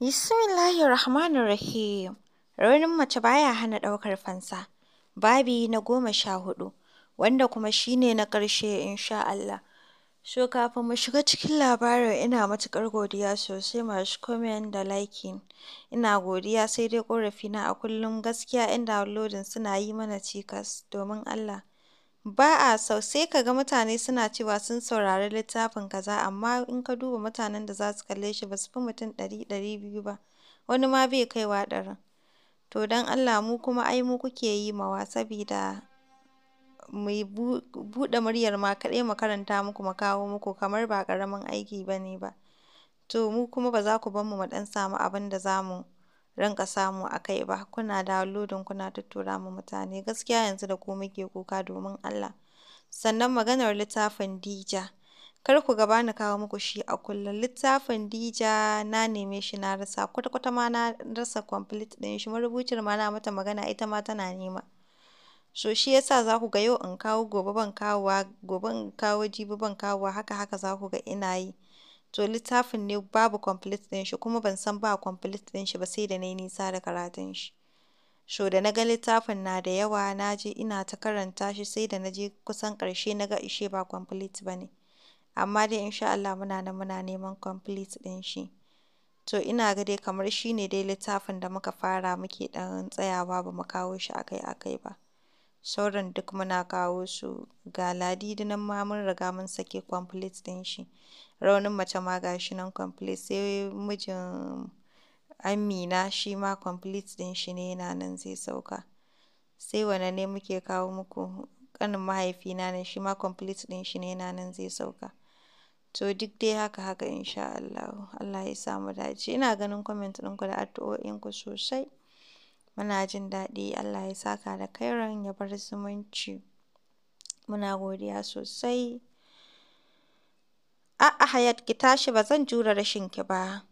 Rahim, Raunin mace baya hana ɗaukar fansa. Babi na goma sha hudu, wanda kuma shi ne na ƙarshe insha Allah. So kafin mu shiga cikin labarin ina matuƙar godiya sosai masu comment da liking. Ina godiya sai dai ƙorafina a kullum gaskiya in downloading suna yi mana cikas, domin Allah Ba a so, sai ka ga mutane suna cewa sun saurari littafin kaza amma in ka duba mutanen da za su kalle shi ba su fi mutum ɗari ɗari biyu ba, wani ma bai kaiwa ɗarin. To don Allah mu kuma ai mu kuke yi ma wa sabida mu buɗe muryar ma kaɗai mu karanta muku mu kawo muku kamar ba ƙaramin aiki ba ne ba. To mu kuma ba za ku bar mu mu ɗan samu abin da za mu rinƙa samu a kai ba, kuna downloading kuna tattura ma mutane, gaskiya yanzu da ku muke kuka domin Allah. Sannan maganar littafin Dija, kar ku gaba ni kawo muku shi a kullum, littafin Dija na neme shi na rasa, kwata-kwata ma na rasa complete din shi, marubucin ma na mata magana ita ma tana nema. So shi yasa za ku ga yau in kawo gobe ban kawowa, gobe in kawo jibi ban kawowa, haka haka za ku ga ina yi. To littafin ne babu complete ɗin shi kuma ban san ba complete ɗin shi ba sai da nayi nisa da karatun shi. So da na ga littafin na da yawa na je ina ta karanta shi sai da na je kusan karshe na ga ishe ba complete ba ne. Amma dai insha Allah muna nan muna neman complete ɗin shi. To ina ga dai kamar shine dai littafin da muka fara muke ɗan tsayawa ba mu kawo shi akai akai ba. sauran duk muna kawo su ga Ladidi nan ma mun riga mun sake complete din shi, raunin mace ma ga shi nan complete, sai mijin Amina shi ma complete din shi ne yana nan zai sauka. Sai wane ne muke kawo muku, mahaifi mahaifina ne shi ma complete din shi ne yana nan zai sauka. To duk dai haka haka insha'Allah Allah ya samu dace. Ina ganin comment ɗinku da addu'o'inku sosai. Muna jin daɗi, Allah ya saka da kairan ya bar zumunci. Muna godiya sosai. A'a Hayat ki tashi ba zan jure rashin ki ba.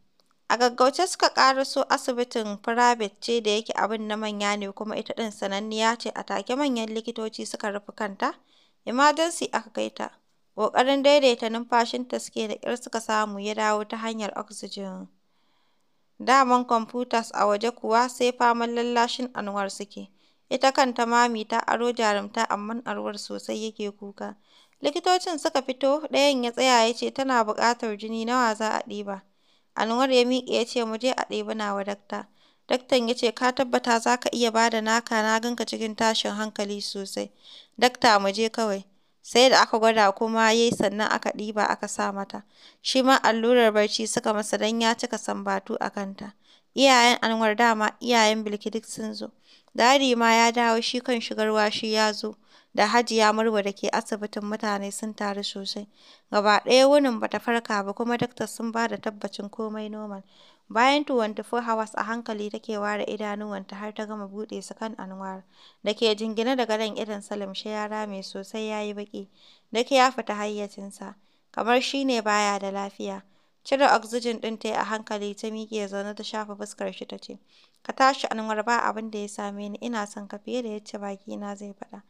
A gaggauce suka so asibitin private ce da yake abin na manya ne kuma ita ɗin sananniya ce a take manyan likitoci suka rufe kanta, emergency aka kai ta. Ƙoƙarin daidaita numfashinta suke da kyar suka samu ya dawo ta hanyar oxygen. Daman kwamfutas a waje kuwa sai faman lallashin Anwar suke, ita kanta Mami ta aro jarumta amma Anwar sosai yake kuka, likitocin suka fito ɗayan ya tsaya ya ce tana buƙatar jini nawa za a ɗiba, Anwar ya miƙe ya ce mu je a ɗebi nawa dakta, daktan ya ce ka tabbata za ka iya ba da naka na ganka cikin tashin hankali sosai, dakta muje kawai. sai da aka gwada kuma ya yi sannan aka ɗiba aka sa mata. Shi ma allurar barci suka masa don ya cika sambatu a kanta. Iyayen Anwar dama iyayen Bilki duk sun zo. Dadi ma ya dawo shi kan shigarwa shi ya zo. Da Hajiya Murwa da ke asibitin mutane sun taru sosai. Gaba ɗaya wunin bata farka ba kuma daktar sun ba da tabbacin komai normal. Bayan 24 hours, a hankali take ware idanuwanta har ta gama buɗe su kan Anwar, da ke jingine da gadon idon shi ya rame sosai ya yi baƙi, duk ya fita hayyacinsa, kamar shi ne baya da lafiya. Cire oxygen ɗin ta a hankali ta miƙe zaune ta shafa fuskar shi ta ce, Ka tashi Anwar ba abin da ya same ni, ina son ka fiye da yacce bakina zai faɗa.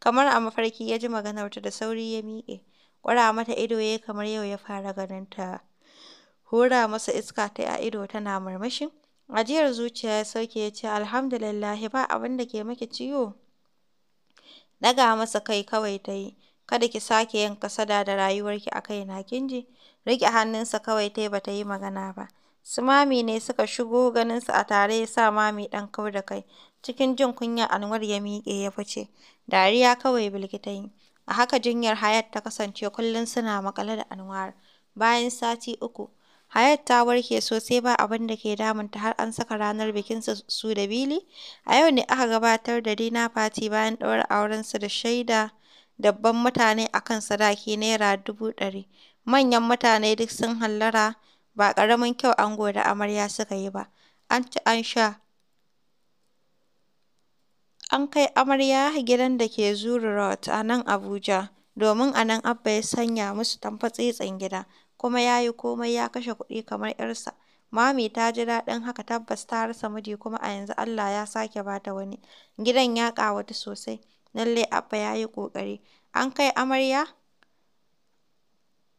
Kamar a mafarki ya ji maganar ta da sauri ya miƙe, ƙura mata ido ya kamar yau ya fara ganin ta. hura masa iska ta a ido tana murmushi. Ajiyar zuciya ya sauke ya ce, Alhamdulillahi ba abin da ke miki ciwo. Daga masa kai kawai ta yi, kada ki sake yin kasada da rayuwarki a kaina kin ji. Rike hannunsa kawai ta yi ba ta yi magana ba. Su mami ne suka shigo ganinsu a tare ya sa mami dan kau da kai. Cikin jin kunya Anwar ya miƙe ya fice. Dariya kawai Bilki yi. A haka jinyar Hayat ta kasance kullum suna maƙale da Anwar. Bayan sati uku, Hayat ta warke sosai ba abin da ke damunta har an saka ranar bikin su da bili? A yau ne aka gabatar da dina party bayan auren aurensu da shaida dabban mutane akan sadaki Naira dubu ɗari. Manyan mutane duk sun hallara, ba ƙaramin kyau ango da amarya suka yi ba. An ci an sha. An kai amarya gidan da ke Zuru Road a nan Abuja, domin a nan Abba ya sanya musu tamfatsitsin gida. kuma ya yi komai ya kashe kuɗi kamar 'yarsa. Mami ta ji daɗin haka tabbas ta rasa miji kuma a yanzu Allah ya sake ba ta wani. Gidan ya ƙawatu sosai. Lallai Abba ya yi ƙoƙari. An kai amarya?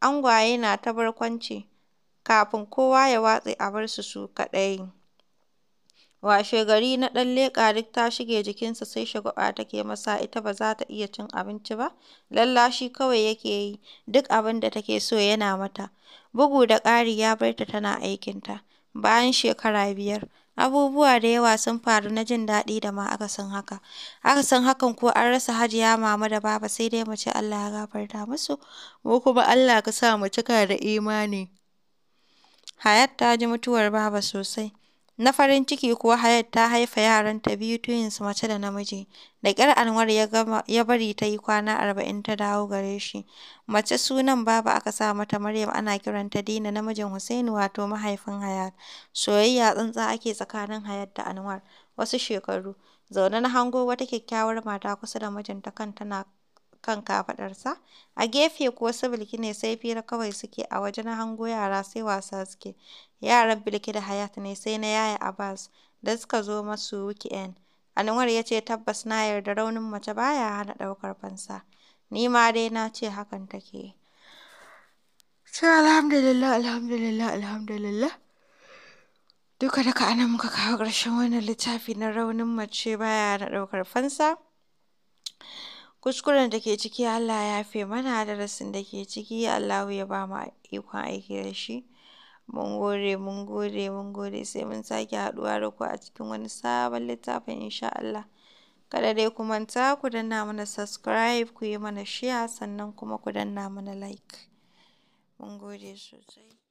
Angwaye na ta barkwanci kafin kowa ya watse a bar su su kaɗai. Washe, gari na ɗan leƙa duk ta shige jikinsa sai shagwaɓa take masa ita ba za ta iya cin abinci ba, lallashi kawai yake yi, duk abin da take so yana mata. Bugu da ƙari ya bar ta tana aikinta. Bayan shekara biyar, abubuwa da yawa sun faru na jin daɗi da ma akasin haka. Akasin hakan ko an rasa Hajiya Mama da Baba sai dai mu ce Allah ya gafarta musu, mu kuma Allah ka sa mu cika da imani. Hayat ta ji mutuwar Baba sosai. Na farin ciki kuwa Hayat ta haifa yaran ta biyu twins mace da namiji, da kyar Anwar ya bari ta yi kwana arba'in ta dawo gare shi, mace sunan Baba aka sa mata Maryam ana kiran ta Dina namijin Hussein wato mahaifin Hayat, soyayya tsantsa ake tsakanin Hayat da Anwar, wasu shekaru, zaune na hango wata kyakkyawar mata kusa da mijinta kan tana kan kafaɗarsa, a gefe kuwa su Bilki ne sai fira kawai suke, a wajen hango yara sai wasa suke, yaran Bilki da Hayat ne sai na Yaya Abbas da suka zo masu wiki'en, Anwar ya ce tabbas na yarda raunin mace baya hana ɗaukar fansa, ni ma dai na ce hakan take. Sai alhamdulillah, alhamdulillah, alhamdulillah. Duka duka ana muka kawo ƙarshen wannan littafi na raunin mace baya na ɗaukar fansa. Kuskuren da ke ciki Allah ya yafe mana, darasin da ke ciki Allahu ya ba mu ikon aiki da shi. Mun gode, mun gode, mun gode, sai mun sake haɗuwa da ku a cikin wani sabon littafin insha Allah. Kada dai ku manta ku danna mana subscribe, ku yi mana share sannan kuma ku danna mana like. Mun gode sosai.